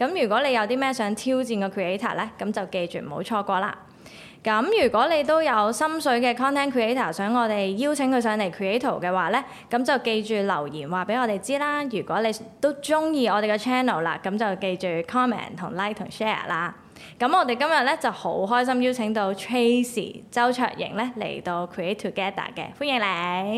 咁如果你有啲咩想挑戰嘅 creator 咧，咁就記住唔好錯過啦。咁如果你都有心水嘅 content creator 想我哋邀請佢上嚟 Creato 嘅話咧，咁就記住留言話俾我哋知啦。如果你都中意我哋嘅 channel 啦，咁就記住 comment 同 like 同 share 啦。咁我哋今日咧就好開心邀請到 Tracy 周卓盈咧嚟到 Create Together 嘅，歡迎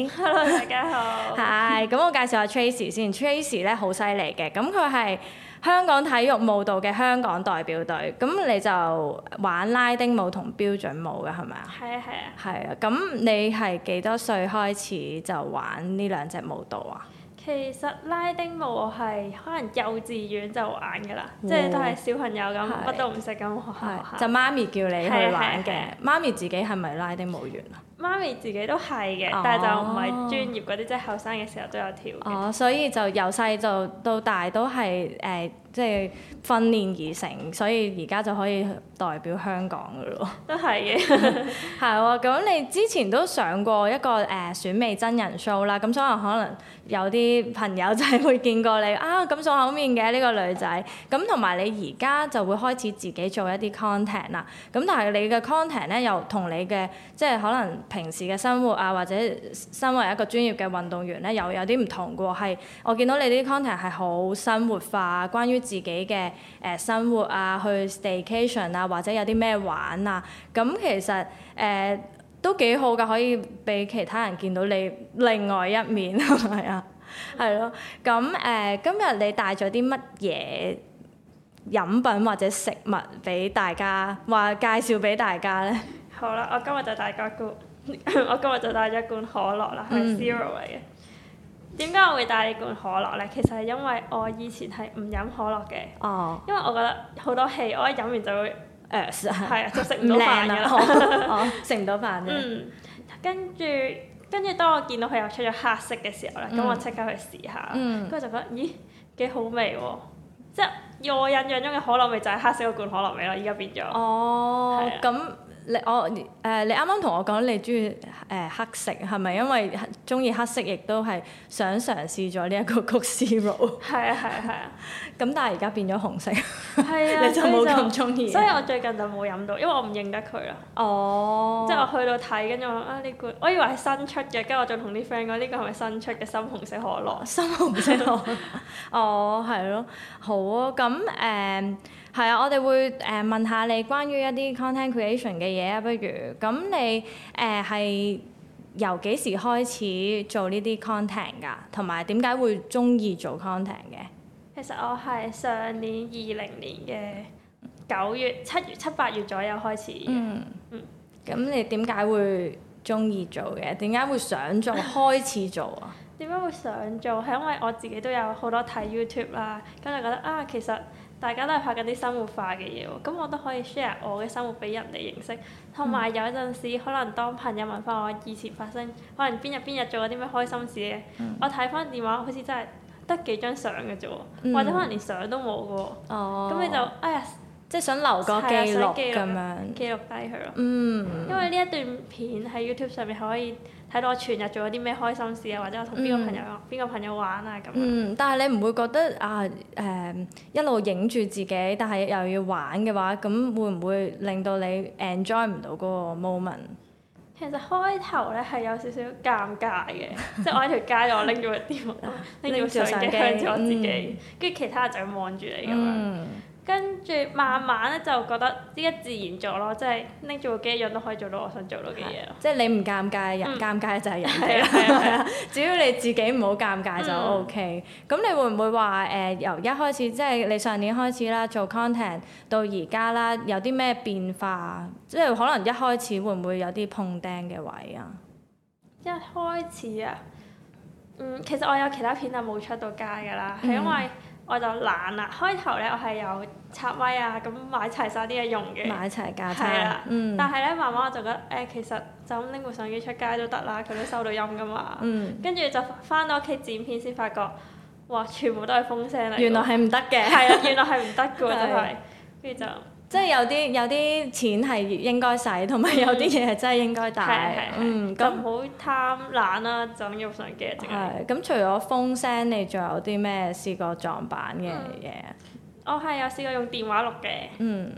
你。Hello， 大家好。係，咁我介紹下 Tr Tracy 先。Tracy 咧好犀利嘅，咁佢係。香港體育舞蹈嘅香港代表隊，咁你就玩拉丁舞同標準舞嘅係咪啊？係啊係啊。係啊，咁你係幾多歲開始就玩呢兩隻舞蹈啊？其實拉丁舞係可能幼稚園就玩㗎啦，即係、嗯、的都係小朋友咁乜都唔識咁學，學。係就媽咪叫你去玩嘅，媽咪自己係咪拉丁舞員啊？媽咪自己都係嘅，哦、但係就唔係專業嗰啲，哦、即係後生嘅時候都有跳嘅。哦，所以就由細就到大都係誒，即、呃、係、就是、訓練而成，所以而家就可以代表香港噶咯。都係嘅。係喎，咁你之前都上過一個誒、呃、選美真人 show 啦，咁所以可能有啲朋友仔會見過你啊，咁熟口面嘅呢、呢個女仔。咁同埋你而家就會開始自己做一啲 content 啦。咁但係你嘅 content 咧，又同你嘅即係可能。平時嘅生活啊，或者身為一個專業嘅運動員咧，又有啲唔同嘅喎。係我見到你啲 content 係好生活化，關於自己嘅誒、呃、生活啊，去 staycation 啊，或者有啲咩玩啊。咁其實誒、呃、都幾好㗎，可以俾其他人見到你另外一面，係咪啊？係咯。 咁誒、呃，今日你帶咗啲乜嘢飲品或者食物俾大家，或介紹俾大家咧？好啦，我今日就帶個罐。 我今日就帶咗一罐可樂啦，係咪 Zero 嚟嘅？點解、嗯、我會帶呢罐可樂咧？其實係因為我以前係唔飲可樂嘅，哦、因為我覺得好多氣，我一飲完就會誒，係、呃、亮啊，就食唔到飯嘅咯，食唔到飯嘅。跟住跟住，當我見到佢又出咗黑色嘅時候咧，咁、嗯、我即刻去試下，跟住、嗯、就覺得咦幾好味喎！即係我印象中嘅可樂味就係黑色嗰罐可樂味啦，依家變咗。哦，咁。你我誒、呃、你啱啱同我講，你中意誒黑色，係咪因為中意黑色亦都係想嘗試咗呢一個 Coke Zero？係啊，係係啊咁、啊、但係而家變咗紅色，啊、 你就冇咁中意。所以我最近就冇飲到，因為我唔認得佢啦。哦，即係我去到睇，跟住我就啊呢罐、這個，我以為係新出嘅，跟住我再同啲 friend 講呢個係咪新出嘅深紅色可樂？深紅色可樂。 哦，係咯、啊，好啊，咁誒係啊，我哋會誒問下你關於一啲 content creation 嘅。嘢，不如咁你誒係、呃、由幾時開始做呢啲 content 㗎？同埋點解會中意做 content 嘅？其實我係上年二零年嘅九月、七月、七八月左右開始。嗯嗯。咁、嗯、你點解會中意做嘅？點解會想做？ 開始做啊？點解會想做？係因為我自己都有好多睇 YouTube 啦，咁就覺得啊，其實。大家都係拍緊啲生活化嘅嘢喎，咁我都可以 share 我嘅生活俾人哋認識。同埋有，有陣時，可能當朋友問翻我以前發生，可能邊日邊日做過啲咩開心事嘅，嗯、我睇翻電話好似真係得幾張相嘅啫喎，嗯、或者可能連相都冇嘅喎。咁、哦、你就哎，呀，即係想留個記錄咁樣，記錄低佢咯。嗯，因為呢一段片喺 YouTube 上面可以。睇到我全日做咗啲咩開心事啊，或者我同邊個朋友邊、嗯、個朋友玩啊咁樣。嗯，但係你唔會覺得啊，誒、呃、一路影住自己，但係又要玩嘅話，咁會唔會令到你 enjoy 唔到嗰個 moment？其實開頭咧係有少少尷尬嘅，即係 我喺條街度，我拎咗部電話，拎咗部相機影住我自己，跟住、嗯、其他人就咁望住你咁樣。嗯。跟住慢慢咧就覺得依家自然咗咯，即係拎住個機一樣都可以做到我想做到嘅嘢是。嗯、即係你唔尷尬人，人尷、嗯、尬就係人哋。係啊啊，只要、啊、 你自己唔好尷尬就 O、OK、K。咁、嗯、你會唔會話誒、呃、由一開始即係你上年開始啦做 content 到而家啦有啲咩變化？即係可能一開始會唔會有啲碰釘嘅位啊？一開始啊，嗯，其實我有其他片就冇出到街㗎啦，係因為、嗯。我就懶啦，開頭咧我係有插咪啊，咁買齊晒啲嘢用嘅，買齊架車，的嗯、但係咧慢慢我就覺得，誒其實就咁拎部相機出街都得啦，佢都收到音噶嘛，跟住、嗯、就翻到屋企剪片先發覺，哇全部都係風聲嚟，原來係唔得嘅，原來係唔得嘅喎真係，跟住 對就。即係有啲有啲錢係應該使，同埋有啲嘢係真係應該帶。嗯，咁好、嗯、那貪懶啦、啊，就咁樣上機。係咁，哎、除咗風聲，你仲有啲咩試過撞板嘅嘢、嗯？我係有試過用電話錄嘅。嗯。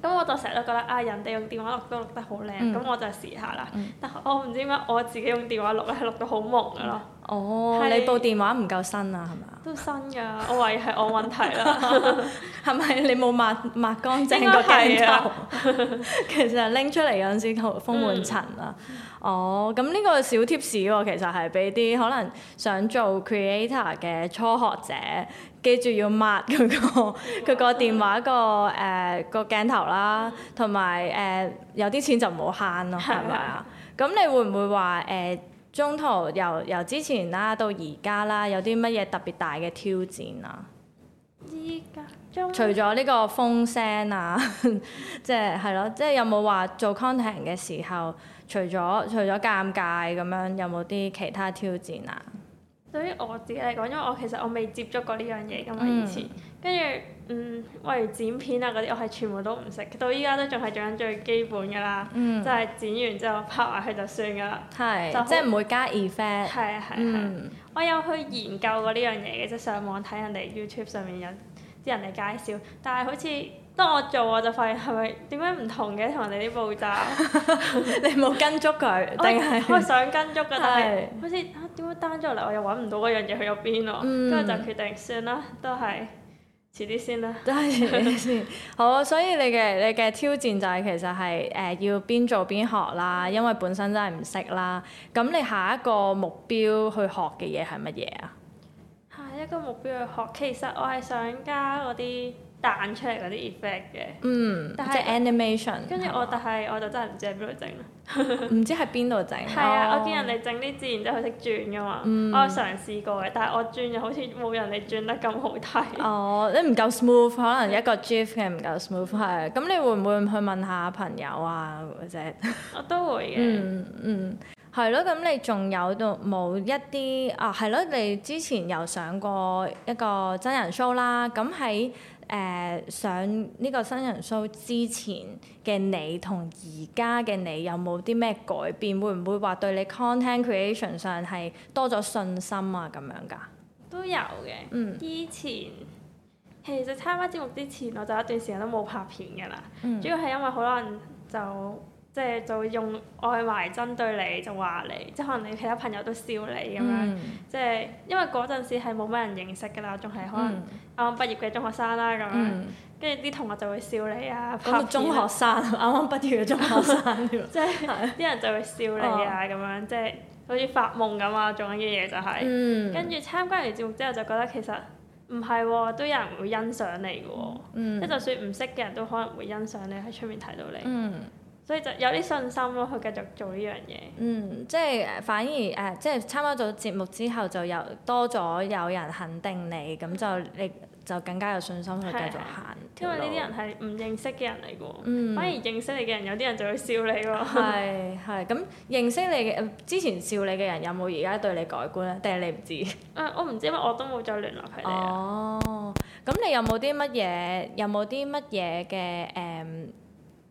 咁我就成日都覺得啊，人哋用電話錄都錄得好靚，咁、嗯、我就試下啦。嗯、但我唔知點解我自己用電話錄咧，錄到好朦嘅咯。哦，oh, 是你部電話唔夠新啊，係咪？都新㗎， 我懷疑係我問題啦，係 咪？ 你冇抹抹乾淨個鏡頭，該啊、 其實拎出嚟嗰陣時好封滿塵啦、啊。哦，咁呢個小 tips 喎、啊，其實係俾啲可能想做 creator 嘅初學者，記住要抹佢、那個佢個哇 電話、那個誒個、呃、鏡頭啦，同埋誒有啲、呃、錢就唔好慳咯，係咪啊？咁你會唔會話誒？中途由由之前啦到而家啦，有啲乜嘢特別大嘅挑戰啊？依家中除咗呢個風聲啊，即係係咯，即係、就是、有冇話做 content 嘅時候，除咗除咗尷尬咁樣，有冇啲其他挑戰啊？對於我自己嚟講，因為我其實我未接觸過呢樣嘢噶嘛，嗯、以前跟住，嗯，例如剪片啊嗰啲，我係全部都唔識，到依家都仲係做緊最基本噶啦，嗯、就係剪完之後拍埋佢就算噶啦，是就很即係唔會加 effect。係係係，我有去研究過呢樣嘢嘅啫，即上網睇人哋 YouTube 上面有啲人嚟介紹，但係好似當我做我就發現係咪點解唔同嘅同人哋啲步驟？ 你冇跟足佢定係？我想跟足佢，但係好似。 點解 down 咗落嚟，我又揾唔到嗰樣嘢去咗邊咯？跟住、嗯、就決定算啦，都係遲啲先啦，都係遲啲先。好，所以你嘅你嘅挑戰就係、是、其實係誒、呃、要邊做邊學啦，因為本身真係唔識啦。咁你下一個目標去學嘅嘢係乜嘢啊？下一個目標去學，其實我係想加嗰啲彈出嚟嗰啲 effect 嘅，嗯，但是即係是 animation。跟住我，吧但係我就真係唔知喺邊度整啦。唔 知喺邊度整？係啊，我見人哋整啲字然之後識轉噶嘛，嗯、我有嘗試過嘅，但係我轉又好似冇人哋轉得咁好睇。哦，你唔夠 smooth，可能一個 gif 嘅唔夠 smooth，係啊，咁你會唔會去問下朋友啊或者？ 我都會嘅、 嗯。嗯嗯，係咯。咁你仲有到冇一啲啊？係咯，你之前有上過一個真人 show 啦。咁喺誒上呢個新人 show 之前嘅你同而家嘅你有冇啲咩改變？會唔會話對你 content creation 上係多咗信心啊？咁樣噶？都有嘅。嗯。以前其實參加節目之前，我就一段時間都冇拍片㗎啦。嗯。主要係因為好多人就。即係就會用外賣針對你，就話你，即係可能你其他朋友都笑你咁樣。即係因為嗰陣時係冇乜人認識㗎啦，仲係可能啱啱畢業嘅中學生啦咁樣。跟住啲同學就會笑你啊，講到中學生，啱啱畢業嘅中學生。即係啲人就會笑你啊咁樣，即係好似發夢咁啊做緊嘅嘢就係。跟住參加完節目之後就覺得其實唔係喎，都有人會欣賞你㗎喎。即係就算唔識嘅人都可能會欣賞你喺出面睇到你。所以就有啲信心咯，去繼續做呢樣嘢。嗯，即係反而誒、呃，即係參加咗節目之後，就有多咗有人肯定你，咁就你就更加有信心去繼續行。因為呢啲人係唔認識嘅人嚟嘅喎，嗯、反而認識你嘅人，有啲人就會笑你喎。係係，咁認識你嘅之前笑你嘅人，有冇而家對你改觀咧？定係你唔知？誒、嗯，我唔知，因為我都冇再聯絡佢哋。哦，咁你有冇啲乜嘢？有冇啲乜嘢嘅誒？嗯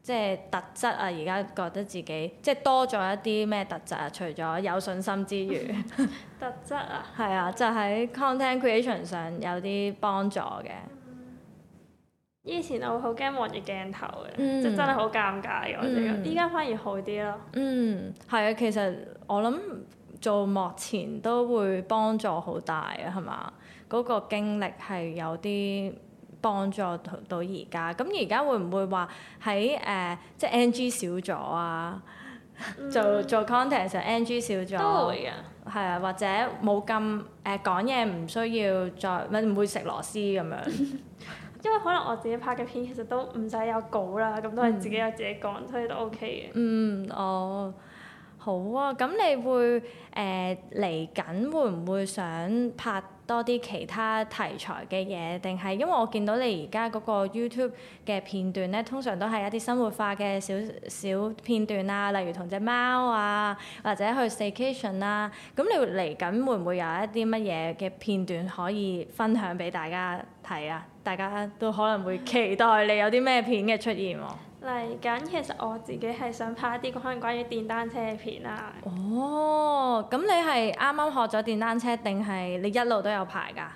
即係特質啊！而家覺得自己即係多咗一啲咩特質啊？除咗有信心之餘， 特質啊，係 啊，就喺、是、content creation 上有啲幫助嘅、嗯。以前我好驚望住鏡頭嘅，嗯、即真係好尷尬。我哋依家反而好啲咯。嗯，係啊，其實我諗做幕前都會幫助好大啊，係嘛？嗰、那個經歷係有啲。幫助到而家，咁而家會唔會話喺誒，即係 NG 少咗啊？嗯、 做做 content 時候 NG 少咗，都會嘅、啊，係啊，或者冇咁誒講嘢，唔、呃、需要再唔會食螺絲咁樣。 因為可能我自己拍嘅片其實都唔使有稿啦，咁都係自己有自己講，嗯、所以都 OK 嘅。嗯，哦，好啊，咁你會誒嚟緊會唔會想拍？多啲其他題材嘅嘢，定係因為我見到你而家嗰個 YouTube 嘅片段咧，通常都係一啲生活化嘅小小片段啊，例如同隻貓啊，或者去 staycation 啦、啊。咁你嚟緊會唔會有一啲乜嘢嘅片段可以分享俾大家睇啊？大家都可能會期待你有啲咩片嘅出現喎、啊。 嚟緊，其實我自己係想拍一啲可能關於電單車嘅片啊。哦，咁你係啱啱學咗電單車，定係你一路都有排噶？誒、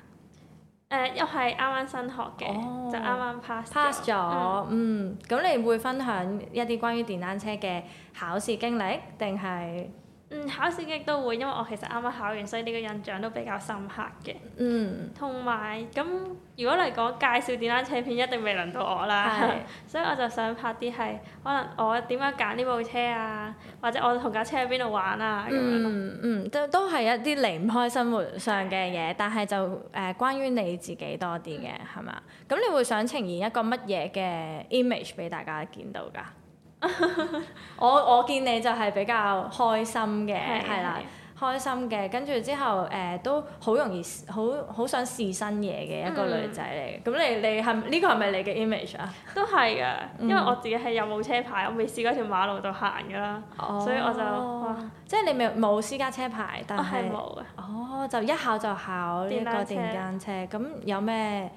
呃，一係啱啱新學嘅，哦、就啱啱 pass, pass。pass 咗，嗯，咁、嗯、你會分享一啲關於電單車嘅考試經歷，定係？嗯，考試亦都會，因為我其實啱啱考完，所以呢個印象都比較深刻嘅。嗯。同埋咁，如果嚟講介紹電單車片，一定未輪到我啦。係的。所以我就想拍啲係，可能我點樣揀呢部車啊，或者我同架車去邊度玩啊咁、嗯、樣嗯，嗯都都係一啲離唔開生活上嘅嘢，的但係就誒、呃、關於你自己多啲嘅，係嘛？咁、嗯、你會想呈現一個乜嘢嘅 image 俾大家見到㗎？ 我我見你就係比較開心嘅，係啦的，開心嘅，跟住之後誒、呃、都好容易好好想試新嘢嘅一個女仔嚟嘅。咁、嗯、你你係呢、呢個係咪你嘅 image 啊？都係㗎，因為我自己係有冇車牌，我未試過一條馬路就行㗎啦。哦、所以我就即係你咪冇私家車牌，但係哦就一考就考呢個電單車，咁有咩？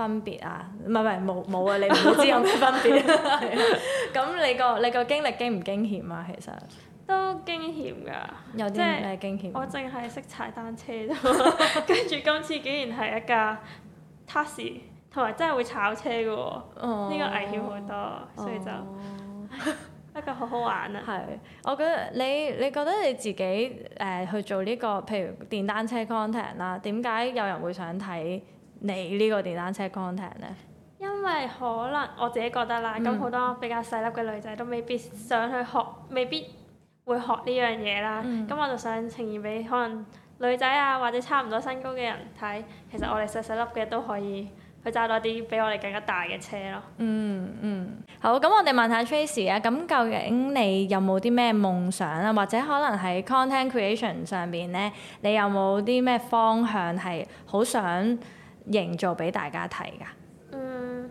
分別啊，唔係唔係冇冇啊！你唔知有咩分別。咁你個你個經歷驚唔驚險啊？其實都驚險㗎，有啲咩驚險？即係我淨係識踩單車啫。跟住今次竟然係一架 Taxi 同埋真係會炒車嘅喎、哦，呢、哦、個危險好多，哦、所以就不過好好玩啊！係，我覺得你你覺得你自己誒、呃、去做呢、這個，譬如電單車 content 啦，點解有人會想睇？你呢個電單車 content 咧？因為可能我自己覺得啦，咁好、嗯、多比較細粒嘅女仔都未必想去學，未必會學呢樣嘢啦。咁、嗯、我就想呈現俾可能女仔啊，或者差唔多身高嘅人睇，其實我哋細細粒嘅都可以去揸多啲比我哋更加大嘅車咯。嗯嗯，好咁，我哋問下 Tracy 啊，咁究竟你有冇啲咩夢想啊？或者可能喺 content creation 上邊咧，你有冇啲咩方向係好想？營造俾大家睇㗎。嗯，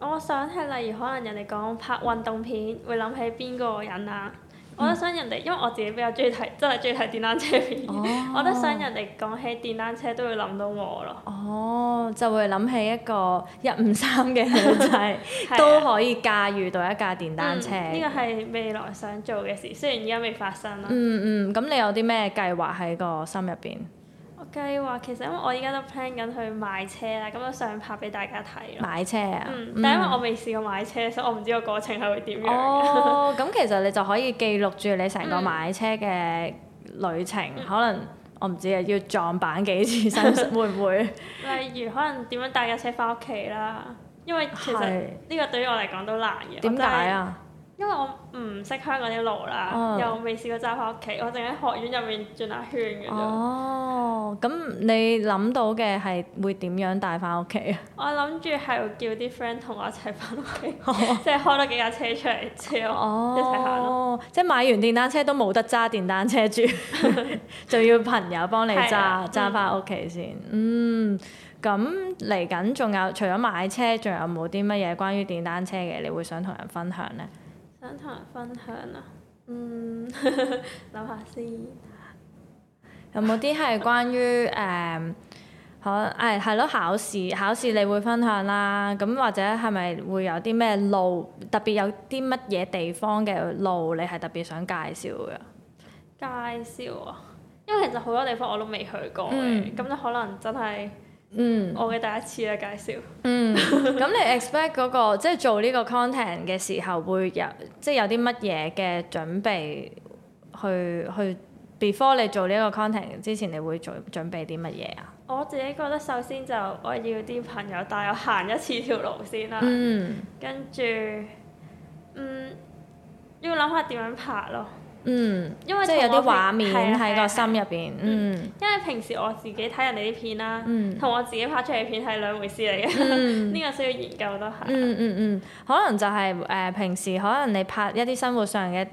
我想係例如可能人哋講拍運動片，會諗起邊個人啊？嗯、我都想人哋，因為我自己比較中意睇，真係中意睇電單車片。哦、我都想人哋講起電單車，都會諗到我咯。哦，就會諗起一個一五三嘅女仔都可以駕馭到一架電單車。呢個係未來想做嘅事，雖然而家未發生啦、嗯。嗯嗯，咁你有啲咩計劃喺個心入邊？計劃其實因為我依家都 plan 緊去買車啦，咁都想拍俾大家睇咯。買車啊！嗯、但係因為我未試過買車，嗯、所以我唔知個過程係會點樣。哦，咁其實你就可以記錄住你成個買車嘅旅程，嗯、可能我唔知啊，要撞板幾次先 會唔會？ 例如可能點樣帶架車翻屋企啦，因為其實呢是個對於我嚟講都難嘅。點解啊？因為我唔識香港啲路啦，oh. 又未試過揸翻屋企，我淨喺學院入面轉下圈嘅哦，咁、oh, 你諗到嘅係會點樣帶翻屋企啊？我諗住係會叫啲 friend 同我一齊翻屋企，oh. 即係開多幾架車出嚟接我一齊行。哦，oh, 即係買完電單車都冇得揸電單車住， 就要朋友幫你揸揸翻屋企先。嗯，咁嚟緊仲有除咗買車，仲有冇啲乜嘢關於電單車嘅？你會想同人分享咧？想同人分享啊，嗯，諗 下先。有冇啲係關於誒？考誒係咯，考試考試你會分享啦、啊。咁或者係咪會有啲咩路？特別有啲乜嘢地方嘅路，你係特別想介紹嘅？介紹啊，因為其實好多地方我都未去過嘅，咁你、嗯、可能真係。嗯，我嘅第一次咧介紹。嗯，咁 你 expect 嗰、那個即係、就是、做呢個 content 嘅時候會有即係、就是、有啲乜嘢嘅準備去？去去 before 你做呢個 content 之前，你會做準備啲乜嘢啊？我自己覺得首先就我要啲朋友帶我行一次條路先啦。嗯，跟住，嗯，要諗下點樣拍咯。嗯，因為即係有啲畫面喺個、啊啊、心入邊。啊啊、嗯，因為平時我自己睇人哋啲片啦，同、嗯、我自己拍出嚟嘅片係兩回事嚟嘅。呢、嗯、 個需要研究都係、嗯。嗯嗯嗯，可能就係、是、誒、呃、平時可能你拍一啲生活上嘅。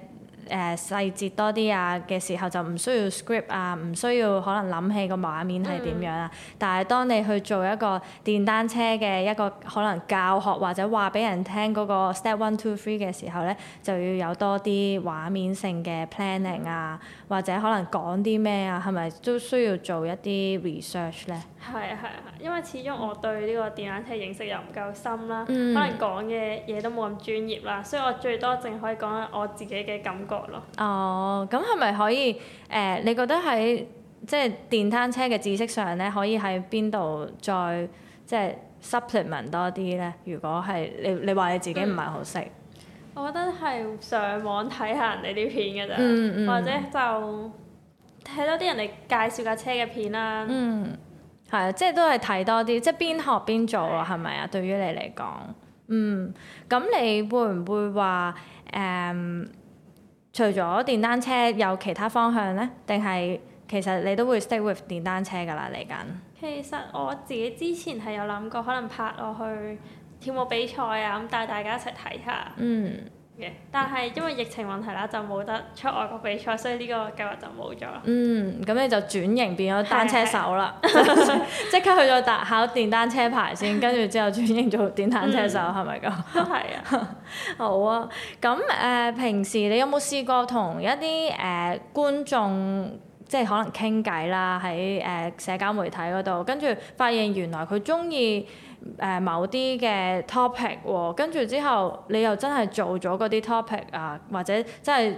誒、細節多啲啊嘅時候就唔需要 script 啊，唔需要可能諗起個畫面係點樣啊。嗯、但係當你去做一個電單車嘅一個可能教學或者話俾人聽個 step one two three 嘅時候咧，就要有多啲畫面性嘅 planning 啊，嗯、或者可能講啲咩啊，係咪都需要做一啲 research 咧？係啊係啊，因為始終我對呢個電單車認識又唔夠深啦，嗯、可能講嘅嘢都冇咁專業啦，所以我最多淨可以講我自己嘅感覺。哦，咁係咪可以？誒、呃，你覺得喺即係電單車嘅知識上咧，可以喺邊度再即係 supplement 多啲咧？如果係你你話你自己唔係好識，我覺得係上網睇下人哋啲片嘅啫，嗯嗯、或者就睇多啲人哋介紹架車嘅片啦。嗯，係啊，即係都係睇多啲，即係邊學邊做啊。係咪啊？對於你嚟講，嗯，咁你會唔會話誒，嗯除咗電單車有其他方向呢？定係其實你都會 stick with 電單車㗎喇？嚟緊，其實我自己之前係有諗過，可能拍落去跳舞比賽啊，咁帶大家一齊睇下。嗯。Yeah. 但係因為疫情問題啦，就冇得出外國比賽，所以呢個計劃就冇咗。嗯，咁你就轉型變咗單車手啦，即 刻去咗考電單車牌先，跟住之後轉型做電單車手係咪咁？都係啊， 好啊。咁誒、呃，平時你有冇試過同一啲誒、呃、觀眾，即係可能傾偈啦，喺誒、呃、社交媒體嗰度，跟住發現原來佢中意，誒某啲嘅 topic 喎，跟住之後你又真係做咗嗰啲 topic 啊，或者真係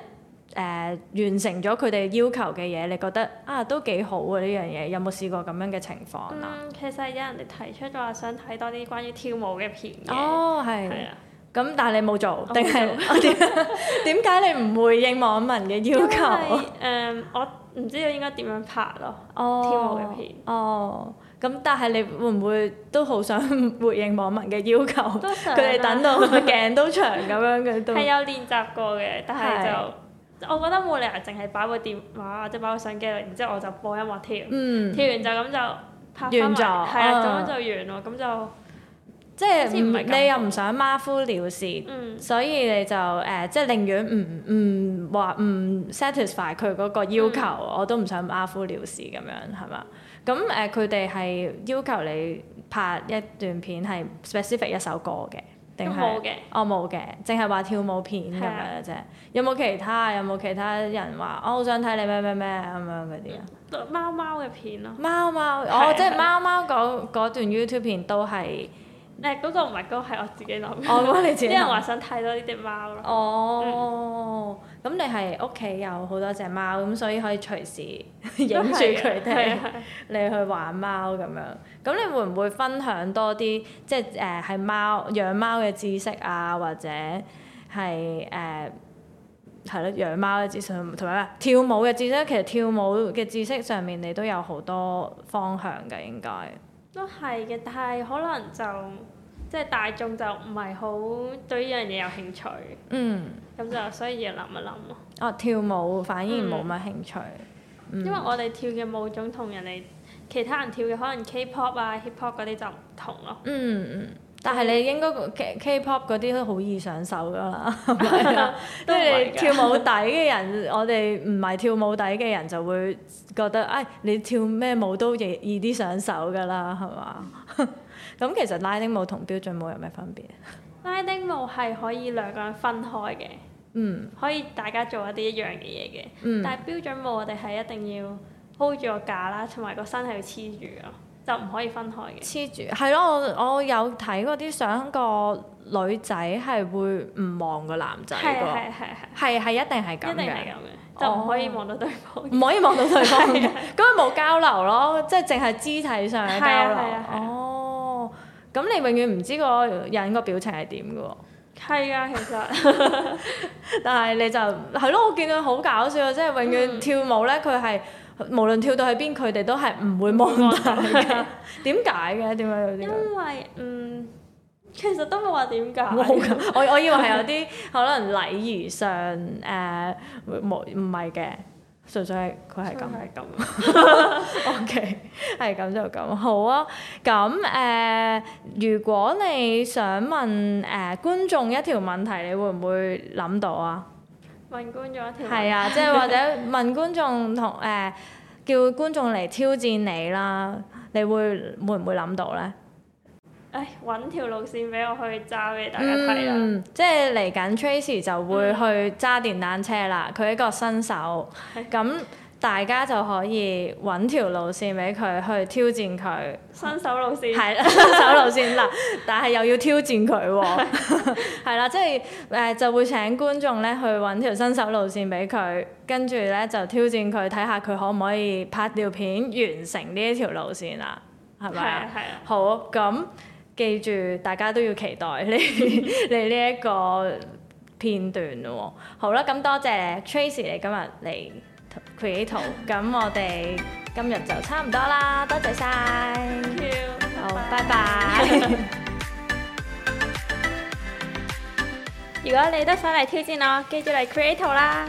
誒完成咗佢哋要求嘅嘢，你覺得啊都幾好啊呢樣嘢，有冇試過咁樣嘅情況？嗯，其實有人哋提出咗話想睇多啲關於跳舞嘅片嘅。哦，係。係啊對了。咁但係你冇做定係？我點？點解你唔回應網民嘅要求？因為、呃、我唔知道應該點樣拍咯跳舞嘅片哦。哦。咁但係你會唔會都好想回應網民嘅要求？佢哋想、啊、等到頸都長咁樣嘅都係 有練習過嘅，但係就是 我覺得冇理由淨係擺個電話或者擺個相機，然之後我就播音樂跳。嗯，跳完就咁就拍翻埋，係啊，咁就完咯。咁就即係是你又唔想馬虎了事，嗯、所以你就誒、呃、即係寧願唔唔話唔 satisfy 佢嗰個要求，嗯、我都唔想馬虎了事咁樣係嘛？.咁誒佢哋係要求你拍一段片係 specific 一首歌嘅，定係嘅？我冇嘅，淨係話跳舞片咁樣嘅啫。是的 有冇其他？有冇其他人話我好想睇你咩咩咩咁樣嗰啲啊？貓貓嘅片咯、啊，貓貓哦，是的 即係貓貓嗰嗰段 YouTube 片都係。誒嗰個唔係嗰個係我自己諗，啲人話想睇多呢隻貓咯。哦，咁你係屋企有好多隻貓，咁所以可以隨時影住佢哋，你去玩貓咁樣。咁你會唔會分享多啲？即係誒，係、呃、貓養貓嘅知識啊，或者係誒係咯養貓嘅知識，同埋跳舞嘅知識？其實跳舞嘅知識上面，你都有好多方向㗎，應該。都係嘅，但係可能就即係、就是、大眾就唔係好對呢樣嘢有興趣。嗯，咁就所以要諗一諗咯。哦，跳舞反而冇乜興趣。嗯、因為我哋跳嘅舞種同人哋其他人跳嘅可能 K-pop 啊、hip-hop 嗰啲就唔同咯。嗯嗯。但係你應該 K-pop 嗰啲都好易上手㗎啦，即係 跳舞底嘅人， 我哋唔係跳舞底嘅人就會覺得唉、哎，你跳咩舞都易易啲上手㗎啦，係嘛？咁 其實拉丁舞同標準舞有咩分別？ 拉丁舞係可以兩個人分開嘅，嗯，可以大家做一啲一樣嘅嘢嘅，嗯、但係標準舞我哋係一定要 hold 住個架啦，同埋個身係要黐住㗎。就唔可以分開嘅，黐住係咯。我我有睇嗰啲相，個女仔係會唔望個男仔㗎喎，係係係係一定係咁嘅，就唔可以望到對方，唔、哦、 可以望到對方嘅，咁佢冇交流咯，即係淨係肢體上嘅交流。哦，咁、oh, 你永遠唔知個人個表情係點㗎喎？係啊，其實， 但係你就係咯，我見佢好搞笑啊！即係永遠跳舞咧，佢係。無論跳到去邊，佢哋都係唔會忘記。點解嘅？點解有啲？因為嗯，其實都冇話點解。我我以為係有啲可能禮儀上誒冇唔係嘅，純粹係佢係咁係咁。O K，係咁就咁好啊。咁誒，如果你想問誒觀眾一條問題，你會唔會諗到啊？啊、問觀眾一條，係啊，即係或者問觀眾同誒，叫觀眾嚟挑戰你啦，你會會唔會諗到咧？誒，揾條路線俾我去揸俾大家睇啦、嗯。即係嚟緊，Tracy 就會去揸電單車啦。佢、嗯、一個新手，咁。 大家就可以揾條路線俾佢去挑戰佢，新手路線係啦、 嗯，新手路線啦， 但係又要挑戰佢喎、哦，係 啦，即係誒就會請觀眾咧去揾條新手路線俾佢，跟住咧就挑戰佢，睇下佢可唔可以拍條片完成呢一條路線啦，係咪 啊？係啊，好，咁，記住大家都要期待你你呢一個片段咯、哦。好啦，咁多謝你 Tracy 你今日嚟。Creato，咁我哋今日就差唔多啦，多謝晒。Thank you。好，拜拜。如果你都想嚟挑戰我，記得嚟 Creato 啦。